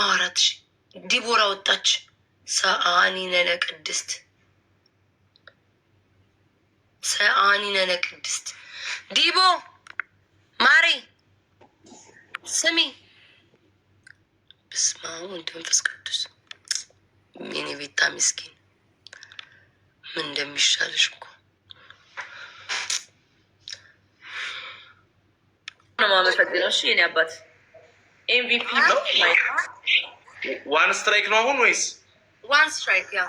አራት ዲቦራ ወጣች። ሰአኒ ነነ ቅድስት ሰአኒ ነነ ቅድስት ዲቦ ማሪ ስሚ በስመ አብ ወወልድ ወመንፈስ ቅዱስ። የኔ ቤታ ምስኪን ምን እንደሚሻልሽ እኮ ነው። ማመሰግነው እሺ የኔ አባት ኤምቪፒ ነው። ዋን ስትራይክ ነው አሁን ወይስ? ዋን ስትራይክ ያው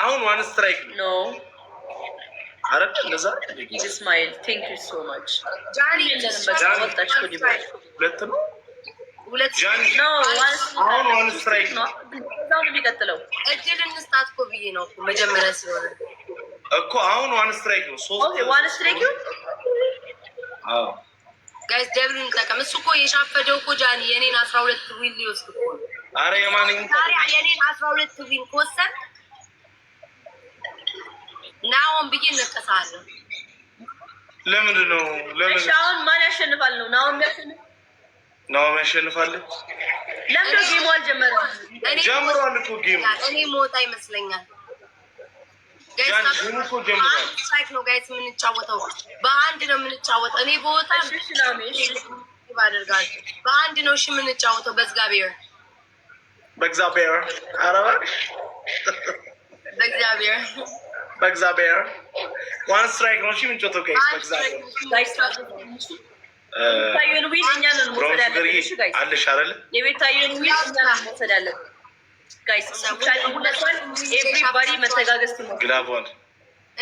አሁን ዋን ስትራይክ ነው። አረብ እንደዛ ኢስማኤል ቴንክ ዩ ሶ ማች ጃኒ ሁለት ነው ሁለት ነው። አሁን ዋን ስትራይክ ነው። እዛው ነው የሚቀጥለው። እድል እንስጣት እኮ ብዬ ነው መጀመሪያ ስለሆነ እኮ አሁን ዋን ስትራይክ ነው። ሶስት ዋን ስትራይክ ነው። አዎ ጋይስ ደብሉን እንጠቀም። እሱ እኮ የሻፈደው እኮ ጃኒ የኔን አስራ ሁለት ዊል ይወስዱ አረ የማንኝ የኔን አስራ ሁለት ቢን ከወሰን ናሆን ብዬ እነቀሳለሁ። ለምንድን ነው ለምን? አሁን ማን ያሸንፋል ነው? ናሆን ያሸንፋል። ናሆን ያሸንፋል። ለምንድን ጌሙ አልጀመረም? ጀምሯል እኮ ጌሙ። እኔ ሞታ ይመስለኛል። ነው ጋይስ በአንድ ነው የምንጫወተው። በአንድ ነው እሺ የምንጫወተው በዝጋቤ በእግዚአብሔር አረባ በእግዚአብሔር በእግዚአብሔር ዋን ስትራይክ ነው። እሺ ምንጮቶ ጋይስ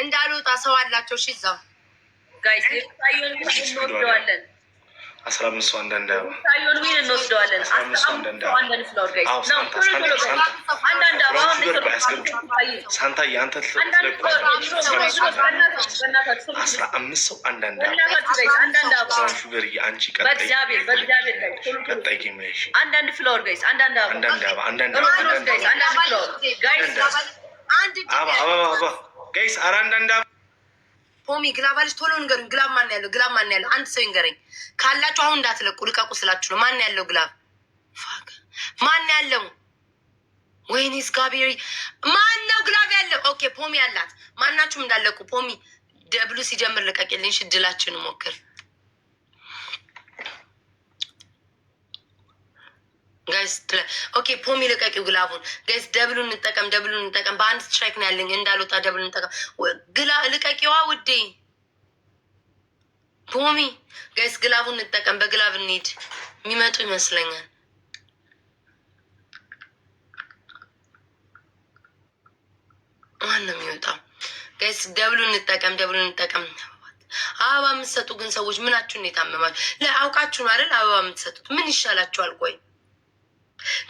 እንዳልወጣ ሰው አላቸው። እሺ እዛው ጋይስ አስራ አምስት ሰው አንዳንድ እንወስደዋለን። ሳንታዬ አንተ አንዳንድ አንቺ ጋይስ አንዳንድ አንዳንድ አበባ ጋይስ አራ አንዳንድ ሆሚ ግላብ አለች። ቶሎ ንገሩኝ፣ ግላብ ማን ያለው? ግላብ ማን ያለው? አንድ ሰው ይንገረኝ ካላችሁ። አሁን እንዳትለቁ፣ ልቀቁ ስላችሁ ነው። ማን ያለው ግላብ? ማን ያለው? ወይኔ እግዚአብሔር፣ ማን ነው ግላብ ያለው? ኦኬ ፖሚ አላት። ማናችሁም እንዳለቁ፣ ፖሚ ደብሉ ሲጀምር ልቀቅልኝ። ሽድላችን ሞክር ጋይስ ኦኬ፣ ፖሚ ልቀቂ ግላቡን። ጋይስ ደብሉ እንጠቀም፣ ደብሉ እንጠቀም። በአንድ ስትራይክ ነው ያለኝ እንዳልወጣ ደብሉ እንጠቀም። ግላ ልቀቂዋ ውዴ ፖሚ። ጋይስ ግላቡ እንጠቀም፣ በግላብ እንሂድ። የሚመጡ ይመስለኛል። ማን ነው የሚወጣው? ጋይስ ደብሉ እንጠቀም፣ ደብሉ እንጠቀም። አበባ የምትሰጡ ግን ሰዎች ምናችሁን የታመማችሁ አውቃችሁ ነው አይደል? አበባ የምትሰጡት ምን ይሻላችኋል? ቆይ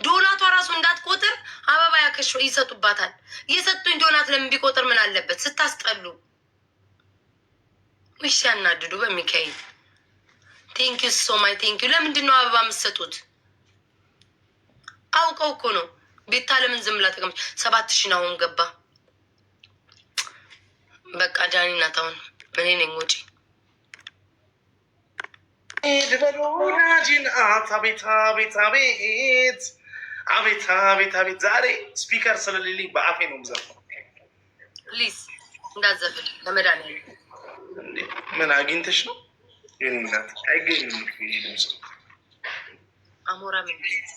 ዶናቷ ራሱ እንዳትቆጥር አበባ ያከሽ ይሰጡባታል። የሰጡኝ ዶናት ለምን ቢቆጥር ምን አለበት? ስታስጠሉ እሺ፣ ያናድዱ በሚካኤል ቴንኪ ዩ ሶ ማይ ቴንኪ ዩ። ለምንድን ነው አበባ የምትሰጡት? አውቀው እኮ ነው። ቤታ ለምን ዝም ብላ ሰባት ሺ አሁን ገባ። በቃ ጃኒ ናት። እኔ ነኝ ወጪ ሂድ ናጂን አት አቤት አቤት አቤት አቤት አቤት አቤት ዛሬ ስፒከር ስለሌለኝ በአፌ ነው የምዘርፈው። ፕሊዝ ምን አግኝተሽ ነው? ድምፅ አሞራ ምን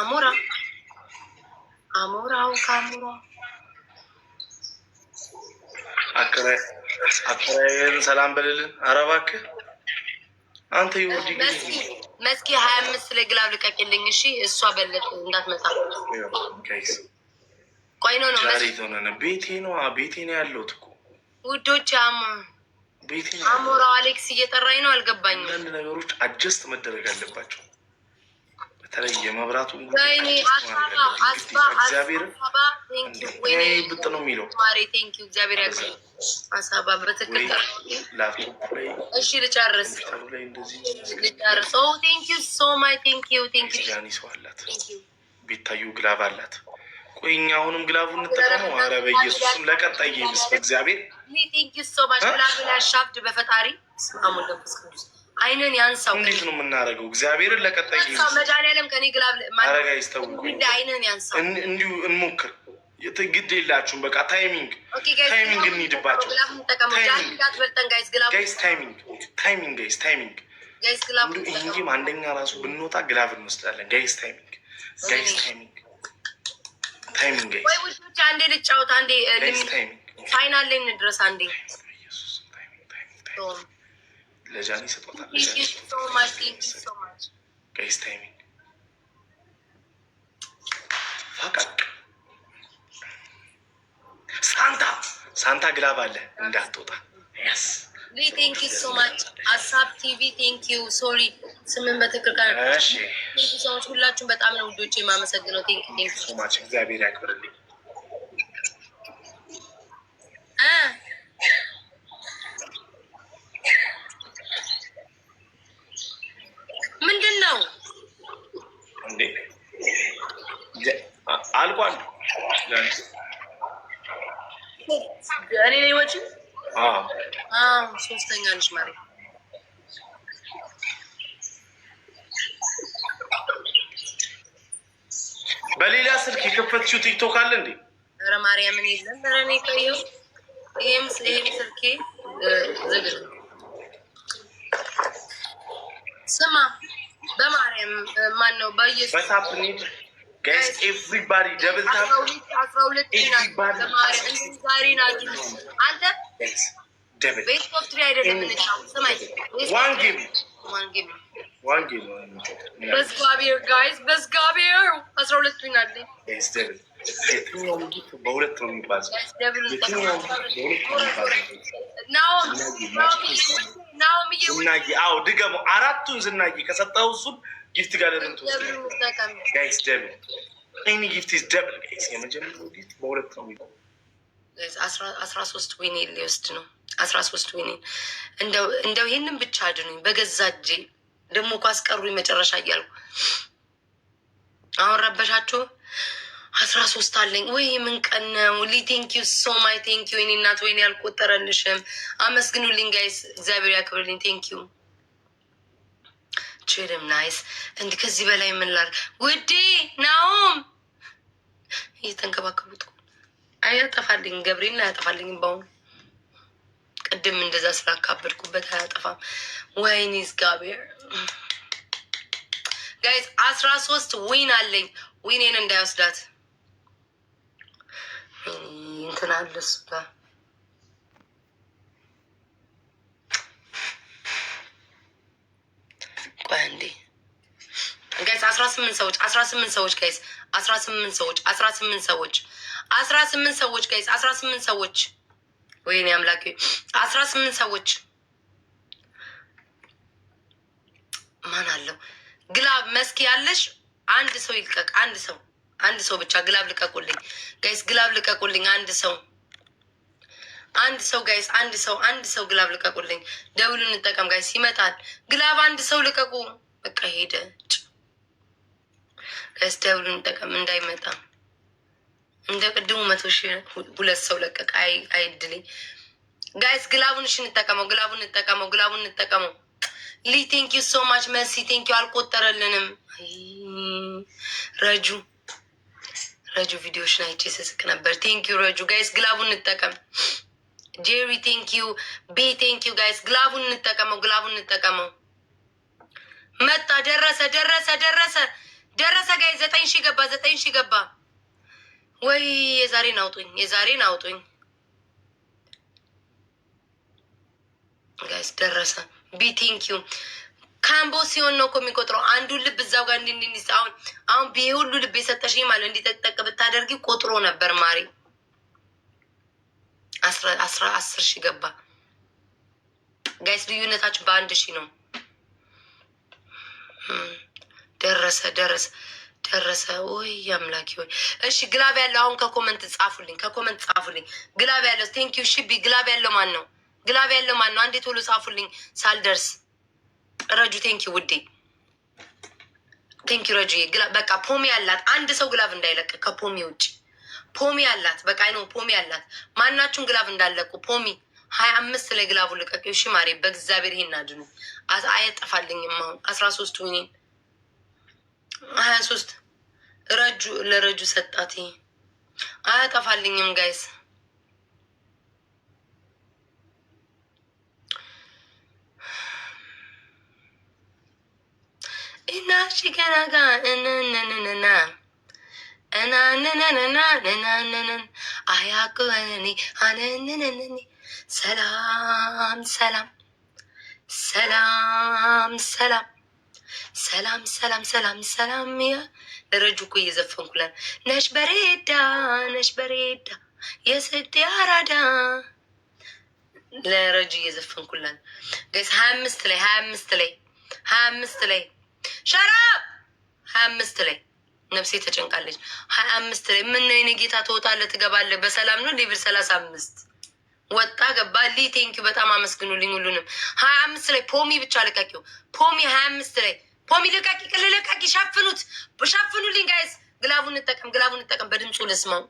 አሞራ አሞራው ከአሞራ ሰላም በልልን። አረባክ አንተ ይወርድ መስኪ ሀያ አምስት ግላብ ልቀቅልኝ። እሺ እሷ በለጥ እንዳትመጣ ቆይ ነው ነው ቤቴ ነው ቤቴ ነው ያለሁት እኮ ውዶች። አሞ አሞራው አሌክስ እየጠራኝ ነው። አልገባኝም። አንዳንድ ነገሮች አጀስት መደረግ አለባቸው። በተለይ የመብራቱ እግዚአብሔር ብጥ ነው የሚለው ሀሳብ በትክክል እሺ፣ ልጨርስ ልጨርሰው። ሶ ማይ ሰው አላት ቤታዩ አላት። ቆይ እኛ አሁንም ግላቡ እንጠቀመው። በኢየሱስም ለቀጣይ ይምስ በእግዚአብሔር ሶ ማች በፈጣሪ ስማሙን ቅዱስ አይነን ያንሳው። እንዴት ነው የምናደርገው? እግዚአብሔርን ለቀጣይ ይምስ መድኃኒዓለም ከኔ ግላብ ማረጋ ይስተው እንዲሁ እንሞክር ግድ የላችሁም። በቃ ታይሚንግ ታይሚንግ እንሂድባቸው። ጋይስ ታይሚንግ ታይሚንግ ጋይስ ታይሚንግ እንጂም አንደኛ ራሱ ብንወጣ ግላቭ እንወስዳለን። ጋይስ ታይሚንግ ጋይስ ታይሚንግ ታይሚንግ ጋይስ አንዴ ልጫወት አንዴ ፋይናል ላይ እንድረስ አንዴ ለጃኒ ሰጧታል። ጋይስ ታይሚንግ ሳንታ ግላብ አለ እንዳትወጣ። ያስ ቴንክ ዩ ሶ ማች አሳብ ቲቪ ቴንክ ዩ ሶሪ፣ ስምን በትክክል ሰዎች ሁላችሁም በጣም ነው ውዶች የማመሰግነው። ቴንክ ዩ ሶ ማች እግዚአብሔር ያክብርልኝ። ትሆናለች ማለት ነው። በሌላ ስልክ የከፈትሽው ቲክቶክ አለ እንዴ? ኧረ ማርያምን የለም። ኧረ እኔ ቆየሁ። ይህም ይህም ስልኬ ዝግ ነው። ስማ በማርያም ማን ነው? በኢየሱስ በታፕ ኒድ ጋይስ ኤቭሪባዲ ደብል ታፕ አስራ ሁለት ዛሬ ናቸው አንተ devil. One game. One game. ዝናጊ አዎ ድገሙ አራቱን ዝናጊ ከሰጠው እሱን ጊፍት ጋር ደብን ጋይስ ደብል ኤኒ ጊፍት ኢዝ ደብል ጋይስ የመጀመሪያው ጊፍት በሁለት ነው የሚባል አስራ ሶስት ዊኔን ሊወስድ ነው። አስራ ሶስት ዊኔን እንደው ይህንን ብቻ አድኑኝ በገዛ እጄ ደግሞ ኳስ መጨረሻ እያልኩ አሁን ረበሻችሁ። አስራ ሶስት አለኝ ወይ ምን ቀን ነው ሊ ሶ ማይ ቴንኪዩ እኔ እናት ወይኔ ያልቆጠረልሽም አመስግኑልኝ ጋይስ፣ እግዚአብሔር ያክብርልኝ። ቴንኪዩ ችልም ናይስ። እንዲህ ከዚህ በላይ ምን ላድርግ ውዴ ናሁም እየተንከባከቡት አያጠፋልኝ፣ ገብርኤል አያጠፋልኝም። በአሁኑ ቅድም እንደዛ ስላካበድኩበት አያጠፋም። ወይኔ እግዚአብሔር ጋይዝ አስራ ሶስት ዊን አለኝ። ዊኔን እንዳይወስዳት እንትን አለ እሱ ጋር ጋይስ አስራ ስምንት ሰዎች አስራ ስምንት ሰዎች ጋይስ አስራ ስምንት ሰዎች አስራ ስምንት ሰዎች አስራ ስምንት ሰዎች ጋይስ፣ አስራ ስምንት ሰዎች ወይኔ አምላክ፣ አስራ ስምንት ሰዎች ማን አለው? ግላብ መስኪ ያለሽ አንድ ሰው ይልቀቅ። አንድ ሰው አንድ ሰው ብቻ ግላብ ልቀቁልኝ ጋይስ፣ ግላብ ልቀቁልኝ። አንድ ሰው አንድ ሰው ጋይስ፣ አንድ ሰው አንድ ሰው ግላብ ልቀቁልኝ። ደውሉ እንጠቀም ጋይስ፣ ይመጣል። ግላብ አንድ ሰው ልቀቁ። በቃ ሄደ ጋይስ፣ ደውሉ እንጠቀም እንዳይመጣ እንደ ቅድሙ መቶ ሺ ሁለት ሰው ለቀቀ። አይድልኝ ጋይስ፣ ግላቡን እሺ፣ እንጠቀመው፣ ግላቡን እንጠቀመው፣ ግላቡን እንጠቀመው። ሊ ቴንክ ዩ ሶ ማች መሲ ቴንክ ዩ። አልቆጠረልንም። ረጁ ረጁ ቪዲዮሽን አይቼ ስስቅ ነበር። ቴንክ ዩ ረጁ። ጋይስ ግላቡን እንጠቀም። ጄሪ ቴንክ ዩ ቤ ቴንክ ዩ ጋይስ፣ ግላቡን እንጠቀመው፣ ግላቡን እንጠቀመው። መጣ ደረሰ፣ ደረሰ፣ ደረሰ፣ ደረሰ። ጋይስ ዘጠኝ ሺ ገባ፣ ዘጠኝ ሺ ገባ። ወይ የዛሬን አውጡኝ፣ የዛሬን አውጡኝ። ጋይስ ደረሰ። ቢ ቲንክ ዩ ካምቦ ሲሆን ነው እኮ የሚቆጥረው። አንዱ ልብ እዛው ጋር እንዲንዲስ አሁን አሁን ቢሄ ሁሉ ልብ የሰጠሽኝ ማለት እንዲጠቅጠቅ ብታደርጊ ቆጥሮ ነበር። ማሪ አስራ አስር ሺ ገባ። ጋይስ ልዩነታችሁ በአንድ ሺ ነው። ደረሰ ደረሰ ደረሰ ወይ አምላኪ ወይ። እሺ ግላብ ያለው አሁን ከኮመንት ጻፉልኝ፣ ከኮመንት ጻፉልኝ። ግላብ ያለው ቴንክ ዩ ሽቢ። ግላብ ያለው ማን ነው? ግላብ ያለው ማን ነው? አንዴ ቶሎ ጻፉልኝ ሳልደርስ። ረጁ ቴንክ ዩ ውዴ፣ ቴንክ ዩ ረጁ። በቃ ፖሚ ያላት አንድ ሰው ግላብ እንዳይለቅ ከፖሚ ውጭ ፖሚ አላት። በቃ ነው ፖሚ አላት። ማናችሁን ግላብ እንዳለቁ ፖሚ ሀያ አምስት ላይ ግላቡ ልቀቅ። እሺ ማሬ፣ በእግዚአብሔር ይሄን አድኑ። አየጠፋልኝም አሁን አስራ ሶስቱ ዊኔን ሀያ ሶስት ረጁ ለረጁ ሰጣት። አያጠፋልኝም ጋይስ እና ገና ጋ ሰላም ሰላም ሰላም ሰላም ሰላም ሰላም ሰላም ሰላም ያ ረጁ እኮ እየዘፈንኩላል ነሽ በሬዳ ነሽ በሬዳ የስድ አራዳ ለረጁ እየዘፈንኩላል ገስ ሀያ አምስት ላይ ሀያ አምስት ላይ ሀያ አምስት ላይ ሸራብ ሀያ አምስት ላይ ነፍሴ ተጨንቃለች። ሀያ አምስት ላይ ምን ነው ጌታ ትወጣለህ ትገባለህ በሰላም ነው ሌቭል ሰላሳ አምስት ወጣ ገባ ሊ ቴንኪ በጣም አመስግኑልኝ ሁሉንም ሀያ አምስት ላይ ፖሚ ብቻ ልቀቂው ፖሚ ሀያ አምስት ላይ ፖሚ ልቀቂ፣ ቅል ልቀቂ፣ ሸፍኑት፣ ሸፍኑልኝ ጋይዝ። ግላቡ እንጠቀም፣ ግላቡ እንጠቀም። በድምፁ ልስማው።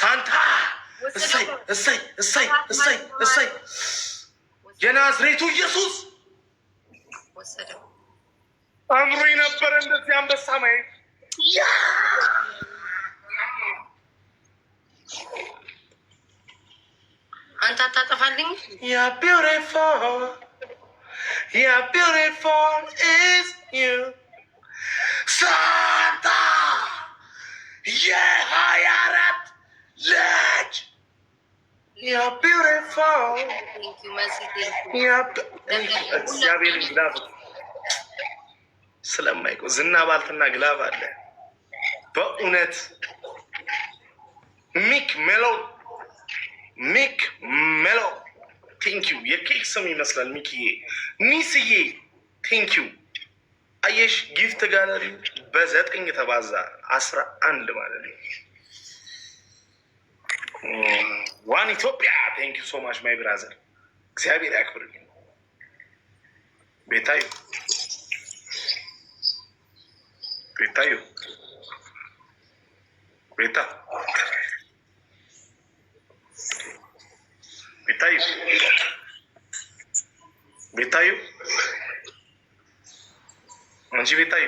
ሳንታ እሰይ እሰይ እሰይ እሰይ እሰይ የናዝሬቱ ኢየሱስ ወሰደው። አምሮኝ ነበር እንደዚህ አንበሳ ማየት። አንተ አታጠፋልኝ። ሳንታ የሀያ አራት ልጅ እግዚአብሔር ግላፍ ስለማይቆ ዝና ባልትና ግላፍ አለ። በእውነት ሚክ ሜሎ ሚክ ሜሎ ቴንኪዩ። የኬክ ስም ይመስላል ሚክዬ፣ ሚስዬ ቴንኪዩ። አየሽ ጊፍት ጋለሪ በዘጠኝ ተባዛ አስራ አንድ ማለት ነው። ዋን ኢትዮጵያ ቴንክ ዩ ሶ ማች ማይ ብራዘር፣ እግዚአብሔር ያክብርልኝ። ቤታዩ ቤታዩ ቤታ ቤታዩ ቤታዩ አንቺ ቤታዩ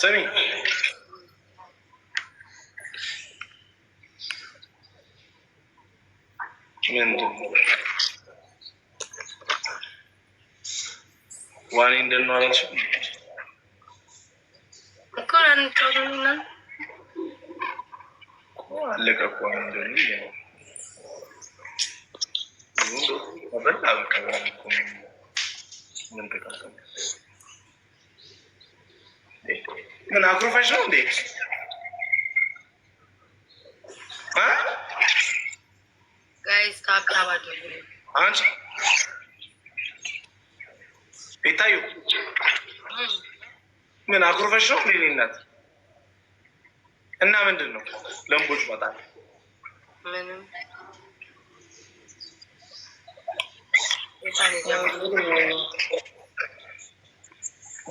ስሚ ምንድን ነው ዋኔ እንደት እኮ አለቀ እኮ ምን አኩርፈሽ ነው እንዴ? ጋይስ ከሀብታም አድርጉ። አንቺ ቤታዩ ምን አኩርፈሽ ነው? ሌኔ እና ምንድን ነው ለምቦች በጣም ምንም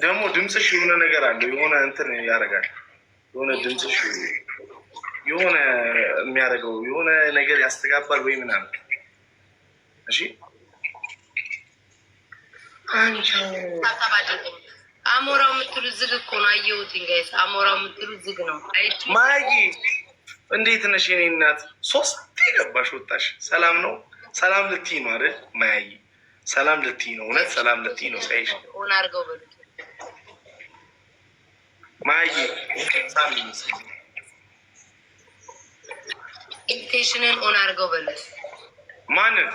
ደግሞ ድምፅሽ የሆነ ነገር አለው። የሆነ እንትን ያደርጋል። የሆነ ድምፅሽ የሆነ የሚያደርገው የሆነ ነገር ያስተጋባል ወይ ምናምን። እሺ አሞራው የምትሉት ዝግ እኮ ነው። አየሁትኝ ጋይስ፣ አሞራው የምትሉት ዝግ ነው። ማይ እንዴት ነሽ የኔ እናት? ሶስቴ ገባሽ ወጣሽ። ሰላም ነው ሰላም ልትይ ነው አይደል? ማያይ ሰላም ልትይ ነው እውነት ሰላም ልትይ ነው። ሳይሽ ሆን አድርገው በሉት ማይ ሳሚ ኢንቪቴሽንን ኦን አድርገው በሉት። ማንን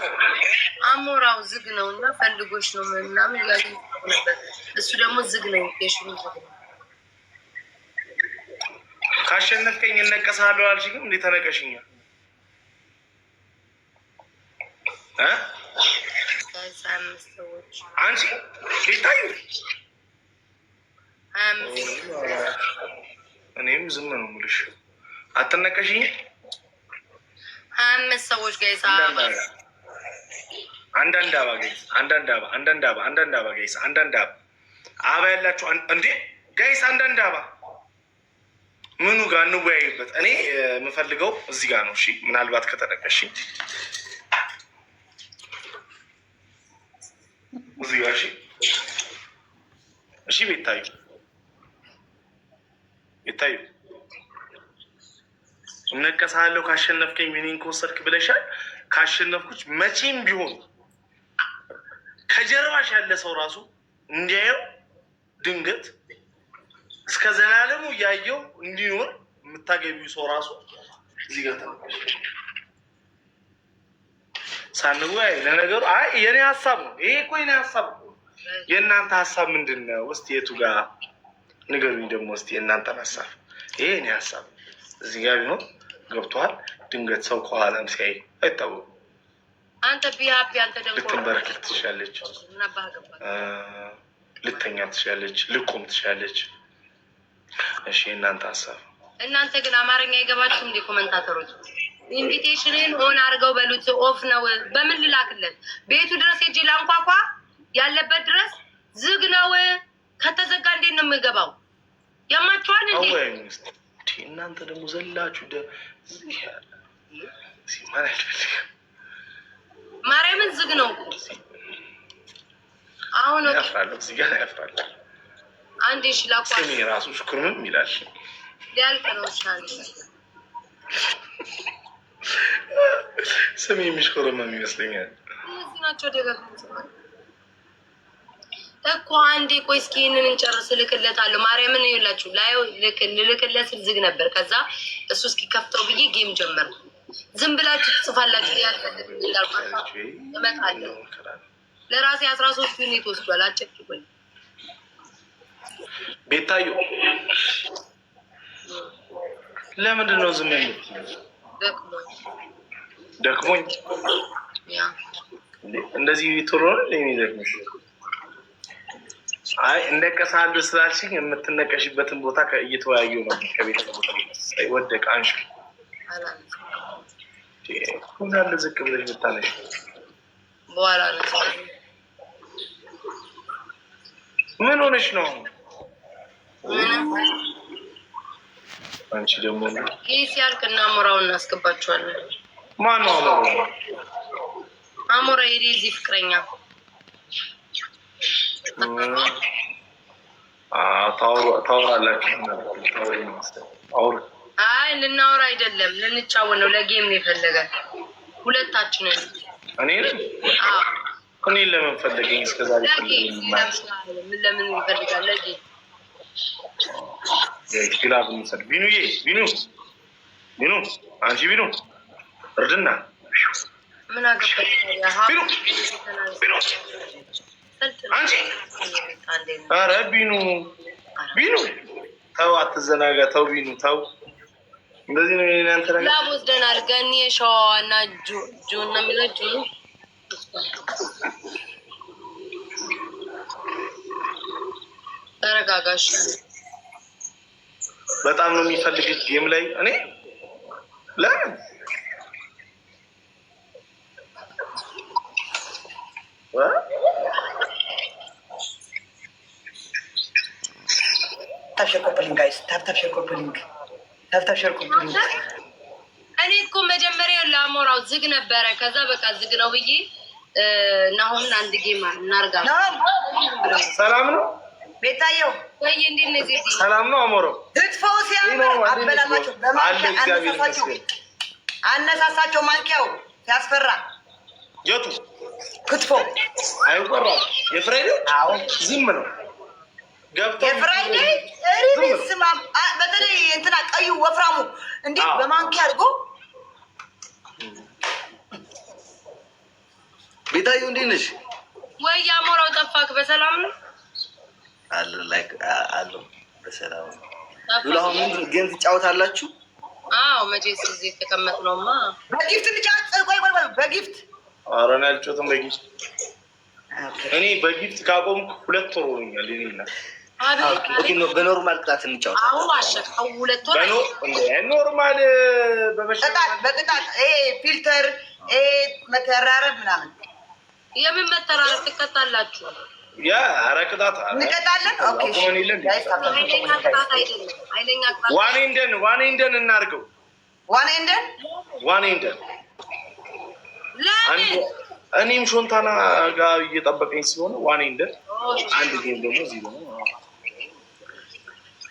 አሞራው ዝግ ነው እና ፈልጎች ነው ምናምን ያ ነበር። እሱ ደግሞ ዝግ ነው ኢንቪቴሽኑ ዝግ ነው። ካሸነፍከኝ እነቀሳለሁ አልሽኝም። እንዴት ተነቀሽኛል? አንቺ ቤታዩ እኔም ዝም ነው የምልሽ። አትነቀሽኝም ሀያ አምስት ሰዎች ጋይስ አንዳንድ አባ ጋይስ አንዳንድ አባ አንዳንድ አባ አንዳንድ አባ ጋይስ አንዳንድ አባ አባ ያላችሁ እንዴ ጋይስ አንዳንድ አባ ምኑ ጋር እንወያይበት። እኔ የምፈልገው እዚህ ጋር ነው። እሺ ምናልባት ከተጠቀሽ እዚህ ጋር እሺ፣ እሺ ቤታዩ ቤታዩ እነቀሳለሁ ካሸነፍከኝ ሚኒን ከወሰድክ ብለሻል። ካሸነፍኩች መቼም ቢሆን ከጀርባሽ ያለ ሰው ራሱ እንዲያየው ድንገት እስከ ዘላለሙ እያየው እንዲኖር የምታገቢው ሰው ራሱ እዚህ ጋር ሳንወያይ ለነገሩ አይ የኔ ሀሳብ ነው ይሄ እኮ የኔ ሀሳብ ነው። የእናንተ ሀሳብ ምንድን ነው? እስኪ የቱ ጋር ንገሩኝ ደግሞ እስኪ የእናንተን ሀሳብ። ይሄ የኔ ሀሳብ እዚህ ጋር ቢሆን ገብቶሃል። ድንገት ሰው ከኋላም ሲያይ አይታወቅም። ልትንበረከክ ትችላለች፣ ልተኛ ትችላለች፣ ልቆም ትችላለች። እሺ እናንተ ሀሳብ እናንተ ግን አማርኛ የገባችሁ እንዴ? ኮመንታተሮች ኢንቪቴሽንን ሆን አድርገው በሉት። ኦፍ ነው በምን ልላክለት? ቤቱ ድረስ ሄጄ ላንኳኳ ያለበት ድረስ ዝግ ነው። ከተዘጋ እንዴት ነው የምገባው? ያማችኋል እንዴ እናንተ ደግሞ ዘላችሁ ማርያምን ዝግ ነው። አሁን ያፍራለሁ፣ እዚህ ጋር ያፍራለሁ። አንዴ ሽላኳሚ ራሱ ሽክርምም ይላል ሊያልቅ ነው። ስሜ የሚሽኮረመም ይመስለኛል ናቸው እኮ አንዴ ቆይ እስኪ ይህንን እንጨርስ፣ እልክለታለሁ። ማርያምን ይላችሁ ላይ ልልክለት ዝግ ነበር። ከዛ እሱ እስኪ ከፍተው ብዬ ጌም ጀመር። ዝም ብላችሁ ትጽፋላችሁ ያልፈልግ እመጣለሁ። ለራሴ አስራ ሶስት ዩኒት ወስዷል። አጨቅጭቁኝ ቤታዩ ለምንድን ነው ዝም ያለ? ደክሞኝ ደክሞኝ እንደዚህ ቶሎ ነው የሚደክምሽ አይ እነቀሳለሁ ስላልሽኝ የምትነቀሽበትን ቦታ እየተወያዩ ነው። ከቤተሰቡ ወደቅ አንሽ ሁናለ ዝቅ ብለሽ ብታነሽ በኋላ ምን ሆነሽ ነው? አንቺ ደግሞ ይህ ሲያልቅ እና አሞራው እናስገባቸዋለን። ማነው አሞራ? አሞራ የዴዚ ፍቅረኛ አይ ልናወራ አይደለም፣ ልንጫወት ነው። ለጌም የፈለገን ሁለታችንን። እኔ እኔ ለምን ፈለገኝ? እስከዛሬ ምን ለምን ይፈልጋል? ለጌ ኪላ ቢኑዬ ቢኑ ቢኑ አንቺ ቢኑ እርድና ምን አገባ ቢኑ ቢኑ አረ ቢኑ ቢኑ ተው፣ አትዘናጋ። ተው ቢኑ ተው፣ እንደዚህ ነው ናንተ ላብ ወስደናል። ገኒ የሸዋዋ እና ጁን ነው የሚለው ጁ ተረጋጋሽ። በጣም ነው የሚፈልግ ጌም ላይ እኔ ለምን ታፕታፕ ሼር ኮፕሊንግ ጋይስ፣ ታፕታፕ ሼር ኮፕሊንግ፣ ታፕታፕ ሼር ኮፕሊንግ። እኔ እኮ መጀመሪያ ለአሞራው ዝግ ነበረ። ከዛ በቃ ዝግ ነው ብዬ እና አንድ ጌማ እናርጋ። ሰላም ነው ቤታየው? ወይ እንዴት ነው ዜዲ? ሰላም ነው አሞራው። ክትፎው ሲያምር አበላማቸው በማንኪያ አነሳሳቸው፣ አነሳሳቸው ማንኪያው ያስፈራ የቱ ክትፎ አይወራ የፍሬ ዝም ነው የፍራይዴይ ሪቪስ ስማም በተለይ እንትና ቀዩ ወፍራሙ እንዴት በማንኪያ አድርጎ ቤታዩ እንዴት ነሽ? ወይ ያሞራው ጠፋክ። በሰላም ነው አለ በሰላም ነው። ግን ትጫወታላችሁ? አዎ መቼስ እዚህ የተቀመጥነውማ በጊፍት ልጫወት። ቆይ ቆይ ቆይ በጊፍት ኧረ እኔ አልጫወትም በጊፍት። እኔ በጊፍት ካቆምኩ ሁለት ወር ሆኖኛል። በኖርማል ቅጣት እንጫወት። ኖርማል በቅጣት ፊልተር መተራረብ ምናምን የምን መተራረብ ትቀጣላችሁ? ያ ኧረ ቅጣት እንቀጣለን። ዋን ኢንደን እናድርገው። ዋን ኢንደን ዋን ኢንደን እኔም ሾንታና ጋር እየጠበቀኝ ሲሆን ዋን ኢንደን አንድ ጌም ደግሞ እዚህ ደግሞ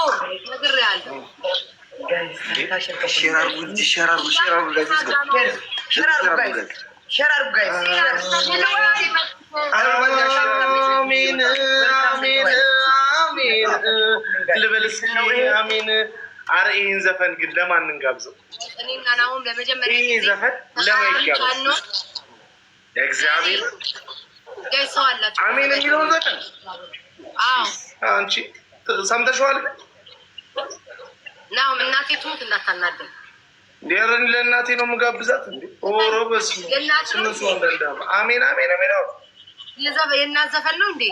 አሚን አረ ይህን ዘፈን ግን ለማን እንጋብዘው? ይህን ዘፈን ለማን ይጋብዘው? እግዚአብሔር አሜን የሚለውን ዘፈን አንቺ ሰምተሽዋል ግን ናው እናቴ ትሙት እንዳታናደም ዴርን ለእናቴ ነው የምጋብዛት። ኦሮ በስመ አብ አሜን አሜን አሜን። የእናት ዘፈን ነው እንዴ?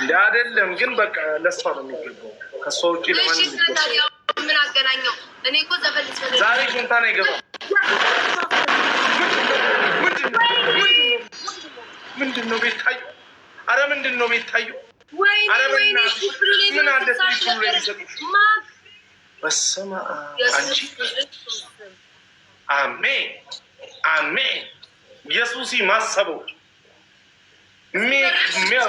እንደ አይደለም ግን በቃ ለእሷ ነው የሚገባው። ከእሷ ውጭ ለማንም ምን አገናኘው? እኔ እኮ ዘፈን ዛሬ ሽንታ ነው ይገባል። ምንድን ነው ቤታዩ? አረ ምንድን ነው ቤታዩ? አረ ምን አለ የሚሰጡ በስመ አብ አንቺ አሜን አሜን። የሱሲ ማሰቦ ሜክ ሜሮ